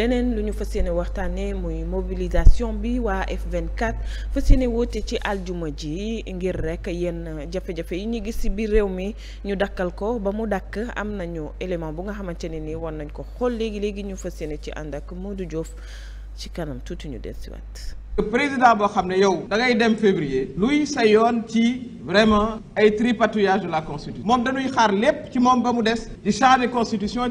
leneen lu ñu fas yéene waxtaanee muy mobilisation bi waa F24 fas yéene woote ci aljuma ji ngir rek yenn jafe-jafe yi ñu gis ci biir réew mi ñu dakkal ko ba mu dakk am nañu élément bu nga xamante ne nii war nañ ko xool léegi léegi ñu fas yéene ci ànd ak du jof ci kanam tuuti ñu dellusiwaat. président boo xam ne yow. da ngay dem février. luy sa yoon ci vraiment ay tripatouillage de la constitution. moom dañuy xaar lépp ci moom ba mu des. di changer constitution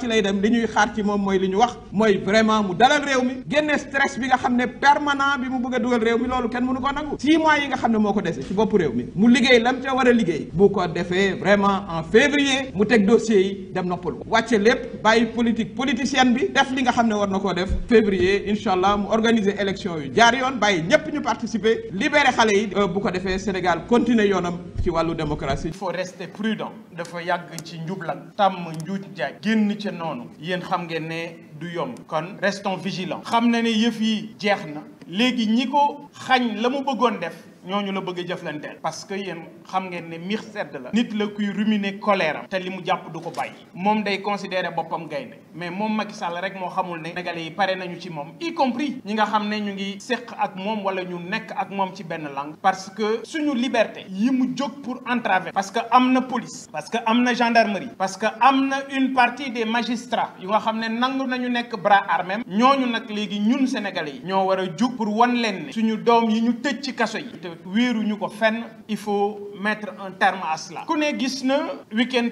ci lay dem li ñuy xaar ci moom mooy li ñu wax mooy vraiment mu dalal réew mi génne stress bi nga xam ne permanent bi mu bëgg a dugal réew mi loolu kenn mënu ko nangu six mois yi nga xam ne moo ko dese ci bopp réew mi mu liggéey lam ca war a liggéey bu ko defee vraiment en février mu teg dossiers yi dem noppalu wàcce lépp bàyyi politique politicienne bi def li nga xam ne war na koo def février incha allah mu organiser élection yu jaar yoon bàyyi ñépp ñu participer libérer xale yi euh, bu ko defee Sénégal continuer yoonam ci wàllu démocratie il faut rester prudent dafa yàgg ci njublan tàmm njuuj njaaj génn ca noonu yéen xam ngeen ne du yomb kon restons vigilants xam na ne yëf yi jeex na léegi ñi ko xañ la mu bëggoon def ñooñu la bëgg a jëflanteel parce que yéen xam ngeen ne miix sedd la nit la kuy ruminer colère te li mu jàpp du ko bàyyi moom day considérer boppam gaynde mais moom Macky Sall rek moo xamul ne sénégalais yi pare nañu ci moom y compris ñi nga xam ne ñu ngi séq ak moom wala ñu nekk ak moom ci benn langue parce que suñu liberté yi mu jóg pour entraver parce que am na police parce que am na gendarmerie parce que am na une partie des magistrats yu nga xam ne nangu nañu nekk bras armé ñooñu nag léegi ñun sénégalais yi ñoo war a jug pour wan leen suñu doom yi ñu tëj ci kaso yi te wéeruñu ko fenn il faut mettre un terme à cela ku ne gis na week-end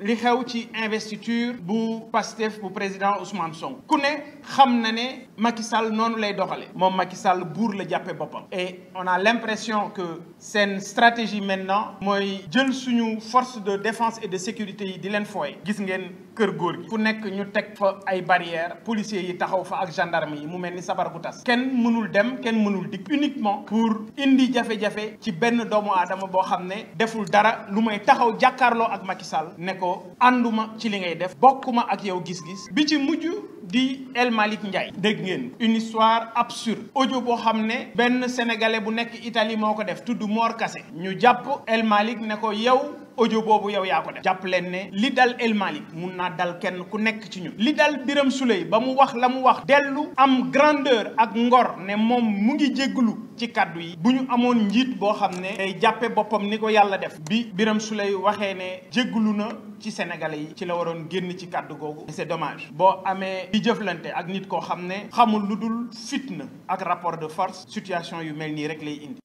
li xew ci investiture bu Pastef bu président Ousmane Sonko ku ne xam na ne Macky Sall noonu lay doxale moom Macky Sall buur la jàppee boppam e on a l'impression que seen stratégie maintenant mooy jël suñu force de défence et de sécurité yi di leen fooye gis ngeen kër góor gi fu nekk ñu teg fa ay barrières policiers yi taxaw fa ak gendarme yi mu mel ni sabar bu tas kenn mënul dem kenn mënul dikk uniquement pour indi jafe-jafe ci benn doomu aadama boo xam ne deful dara lu may taxaw jàkkaarloo ak Macky Sall ne ko ànduma ci li ngay def bokkuma ak yow gis-gis bi ci mujj di El Malick Ndiaye dégg ngeen une histoire absurde audio boo xam ne benn sénégalais bu nekk Italie moo ko def tudd Mor kase ñu jàpp El Malick ne ko yow audio boobu yow yaa ko def jàpp leen ne li dal El Malick mun naa dal kenn ku nekk ci ñu li dal biram Souleye ba mu wax la mu wax dellu am grandeur ak ngor ne moom mu ngi jégglu ci kàddu yi bu ñu amoon njiit boo xam ne day jàppe boppam ni ko yàlla def bi Birame Souleye waxee ne jégglu na ci Sénégalais yi ci la waroon génn ci kàddu googu c'est dommage boo amee di jëflante ak nit koo xam ne xamul lu dul fitna ak rapport de force situation yu mel nii rek lay indi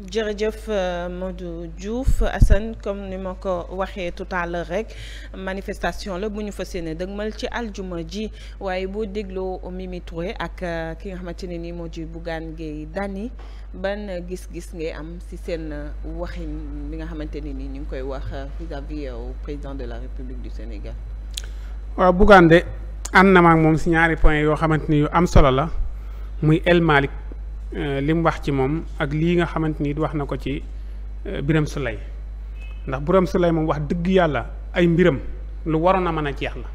jërëjëf euh, Modou Diouf Assane comme ni ma ko waxee tout rek manifestation la bu ñu fa fas yéene dëgmal ci aljuma ji waaye boo dégloo Mimi ak euh, ki nga xamante ne nii moo ji Bougane Gueye Dany ban gis-gis ngay am si seen euh, waxin bi nga xamante ni nii ñu ngi koy wax vis à président de la République du Sénégal. waaw Bougane de ànd na ma moom si ñaari point yoo xamante ni yu am solo la muy El Euh, li mu wax ci moom ak lii nga xamante ni wax na ko ci euh, Biram Sulay ndax Biram Sulay moom wax dëgg yàlla ay mbiram lu waroon a mën a jeex na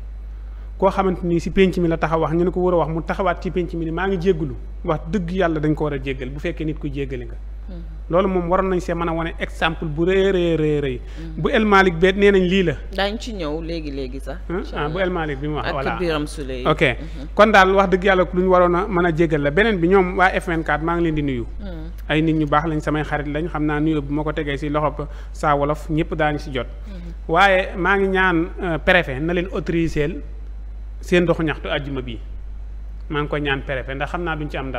koo xamante ni si penc mi la taxaw wax ñu ne ko war a wax mu taxawaat ci penc mi ni maa ngi jéggulu wax dëgg yàlla dañ ko war a jéggal bu fekkee nit ku jéggale nga Mm-hmm. loolu moom waroon nañ see mën a wane exemple bu rëy rëy mm-hmm. bu El be bee nee nañ lii la. daañu ci ñëw léegi léegi sax. ah bu El bi mu wax voilà ak Biram ok mm-hmm. kon daal wax dëgg yàlla lu ñu waroon a mën a jégal la beneen bi ñoom waa f maa ngi leen di nuyu. ay nit ñu baax lañ samay xarit lañ xam naa nuyoo bu ma ko tegee si loxo saa wolof ñëpp daañu si jot. waaye maa ngi ñaan euh, préfet na leen autorisé seen doxu ñaxtu àjjuma bi maa ngi ko ñaan préfet ndax xam naa duñ ci am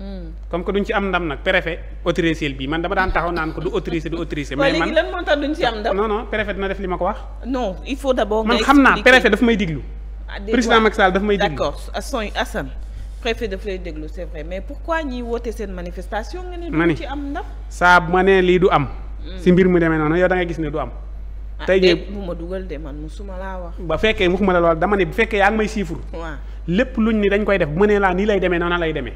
Hmm. comme que duñ ci am ndam nag préfet autorisé bi man dama daan taxaw naan ko du autorisé du autorisé. mais man lan moo tax duñ ci am ndam. non non préfet dina def li ma ko wax. non il faut man xam naa préfet daf may diglu. Ah, président Macky Sall daf may diglu d'accord son Assane préfet daf lay déglu seen manifestation. nga ne duñ am ndam saa ma ne lii du am. Hmm. si mbir mu demee noonu yow da gis ne du am. Ah, tey jii bu ma dugal de man musuma laa wax. ba fekkee waxuma la lool dama ne bu fekkee yaa ngi may siifur. waaw lépp koy def bu ma laa nii lay demee noonu lay demee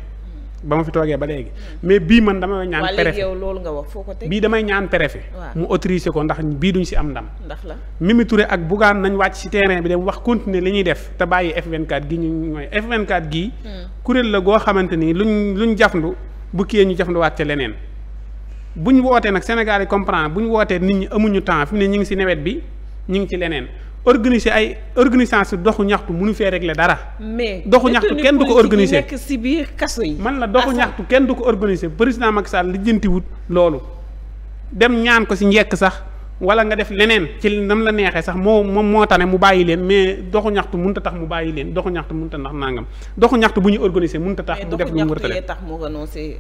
ba ma fi toogee ba léegi mais bii man damay ñaan préfet yow loolu nga wax foo ko bii damay ñaan préfet mu autorisé ko ndax bii duñ si am ndam ndax la Mimi Touré ak Bougane nañ wàcc si terrain bi dem wax continuer li ñuy def te bàyyi F24 gi ñu mooy F24 gii hmm. kuréel la goo xamante ni lu ñu jafndu bu kiyee ñu jafnduwaat ca leneen bu ñu wootee nag Sénégal yi comprendre bu ñu wootee nit ñi amuñu temps fi mu ne ñu ngi si nawet bi ñu ngi ci leneen organiser ay organisation doxu ñaxtu nu fee régler dara. mais doxu ñaxtu kenn du ko organiser nekk si biir kaso man la doxu ñaxtu kenn du ko organiser président Macky Sall lijjantiwut loolu dem ñaan ko si njekk sax. wala nga def leneen ci nam la neexee sax moo moom moo tane mu bàyyi leen mais doxu ñaxtu mënut a tax mu bàyyi leen doxu ñaxtu mënut a tax nangam doxu ñaxtu bu ñu organiser mënut a tax. mu def lu mu wërtale mais doxu ñaxtu yee tax mu renoncé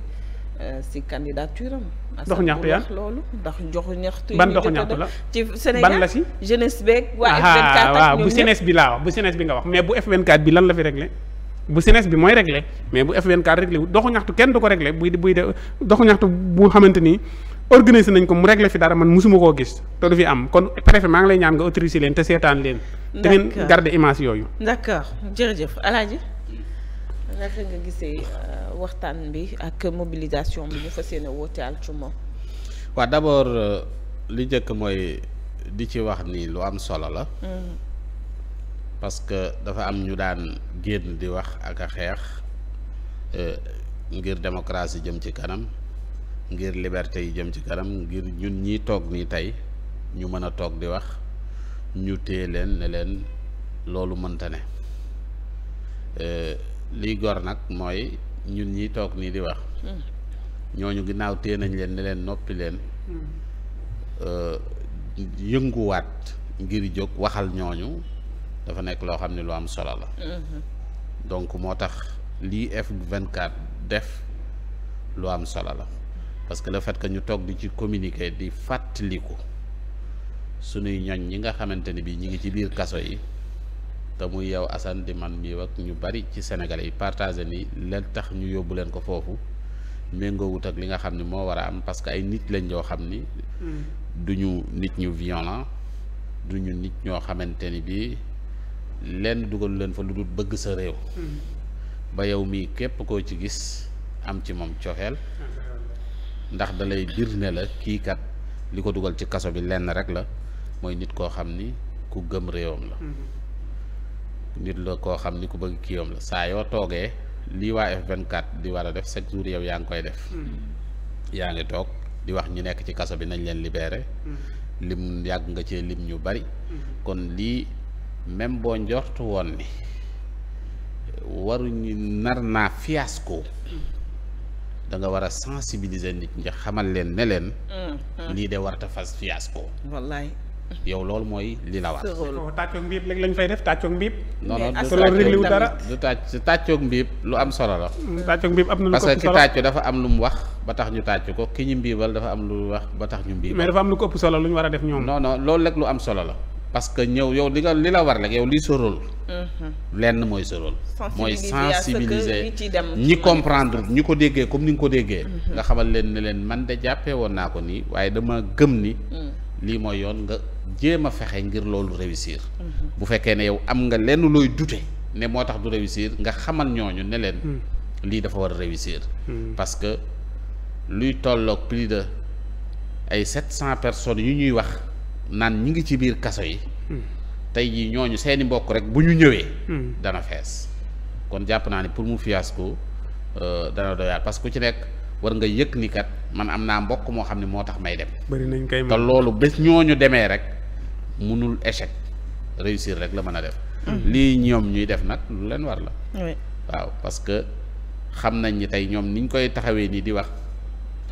Euh, si candidature am. Ah, dox ñaxtu yaa loolu ndax joxu ñaxtu. ban doxu ñaxtu la ci ban la si. jeunesse beeg waa F24 waaw bi laa wax bu jeunesse bi nga wax mais bu F24 bi lan la fi réglé. bu jeunesse bi mooy réglé mais bu F24 réglé wu doxu ñaxtu kenn du ko réglé buy buy de doxu ñaxtu bu xamante ni organise nañ ko mu réglé fi dara man musuma koo gis te du fi am kon préfet maa ngi lay ñaan nga autoriser leen te seetaan leen. te ngeen garder image yooyu. d'accord jërëjëf Alaaji naka nga gisee euh, waxtaan bi ak mobilisation bi ñu fas yéene woote altuma. waaw d'abord euh, li njëkk mooy di ci wax ni lu am solo la. Mm-hmm. parce que dafa am ñu daan génn di wax ak a xeex euh, ngir yi jëm ci kanam ngir liberté yi jëm ci kanam ngir ñun ñi toog nii tey ñu mën a toog di wax ñu téye leen ne leen loolu mënta ne. lii gor nag mooy ñun ñi toog nii di wax hmm. ñooñu ginnaaw téye nañ leen ne leen noppi leen hmm. euh, yënguwaat ngir jóg waxal ñooñu dafa nekk loo xam ne lu am solo la hmm. donc moo tax lii F24 def lu am solo la parce que le fait que ñu toog di ci communiquer di fàttaliku sunuy ñoñ ñi nga xamante ni bii ñi ngi ci biir kaso yi te muy yow Assane di man mii ak ñu bari ci senegal yi partagé ni leen tax ñu yóbbu leen ko foofu méngoowut ak li nga xam ni moo war a am parce que ay nit lañ yoo xam ni. Mm. duñu nit ñu violent du nit ñoo xamante ni bii lenn dugalu leen fa lu dul bëgg sa réew. Mm. ba yow mii képp koo ci gis am ci moom coxeel ndax da lay bir ne la kii kat li ko dugal ci kaso bi lenn rek la mooy nit koo xam ni ku gëm réewam la. Mm-hmm. nit la koo xam ni ku bëgg kiiwam la saa yoo toogee lii waa vingt 24 di war a def chaque jour yow yaa ngi koy def. Mm-hmm. yaa ngi toog di wax ñu nekk ci kaso bi nañ leen libéré. Mm-hmm. lim yàgg nga cee lim ñu bari. Mm-hmm. kon lii même boo njortu woon nar naa fiasco. da nga war a sensibiliser nit ñi xamal leen ne leen. lii de warta fas fiasco. wallaay. yow loolu mooy li la war. tàccoog mbiib léegi lañ fay def tàccoog mbiib. non non du tàccoog dara lu am solo la. Mm, tàccoog mbiib am na parce que ki tàccu dafa am lu mu wax ba tax ñu tàcc ko ki ñu mbiibal dafa am lu mu wax ba tax ñu mbiibal. mais am lu ko solo lu ñu war a def ñoom. non loolu rek lu am solo la. parce que ñëw yow li nga li la war rek yow li sa mm-hmm. lenn mooy sa rôle. mooy sensibiliser ñi comprendre ñi ko déggee comme ni nga ko déggee. Mm-hmm. nga xamal leen ne leen man de jàppee woon naa ko nii waaye dama gëm ni mm. lii mooy yoon nga jéem a fexe ngir loolu réussir. Mhm. bu fekkee ne yow am nga lenn looy dute ne moo tax du réussir nga xamal ñooñu ne leen. Hmm. lii dafa war a réussir. Hmm. parce que luy tolloog plus de ay sept cent personnes yu ñuy wax naan ñi ngi ci biir kaso yi. Hmm. tey jii ñooñu seeni mbokk rek bu ñu ñëwee. dana fees kon jàpp naa ne pour mu fiasco euh, dana doyaat parce que ku ci nekk war nga yëg ni kat. man am naa mbokk moo xam ne moo tax may dem. bëri nañ kay te loolu bés ñooñu demee rek mënul échec réussir rek la mën a def. Mm-hmm. lii ñoom ñuy def nag lu leen war la. waaw parce que xam nañ ni tey ñoom niñ koy taxawee nii di wax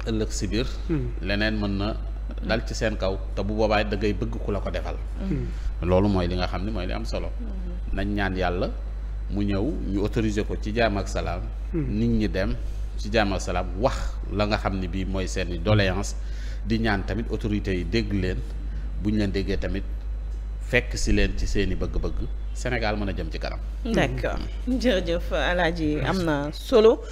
ëllëg si biir. Mm-hmm. leneen mën na dal ci seen kaw te bu boobaay da ngay bëgg ku la ko defal. Mm-hmm. loolu mooy li nga xam ne mooy li am solo. nañ ñaan yàlla mu ñëw ñu autoriser ko ci jaam ak salaam. nit ñi dem. ci jàmm ak salaam wax la nga xam ne bii mooy seeni doléance di ñaan tamit autorités yi dégg leen bu ñu leen déggee tamit fekk si leen ci seeni bëgg-bëgg Sénégal mën a jëm ci kanam. d'accord mm-hmm. jërëjëf Alaaji am na solo.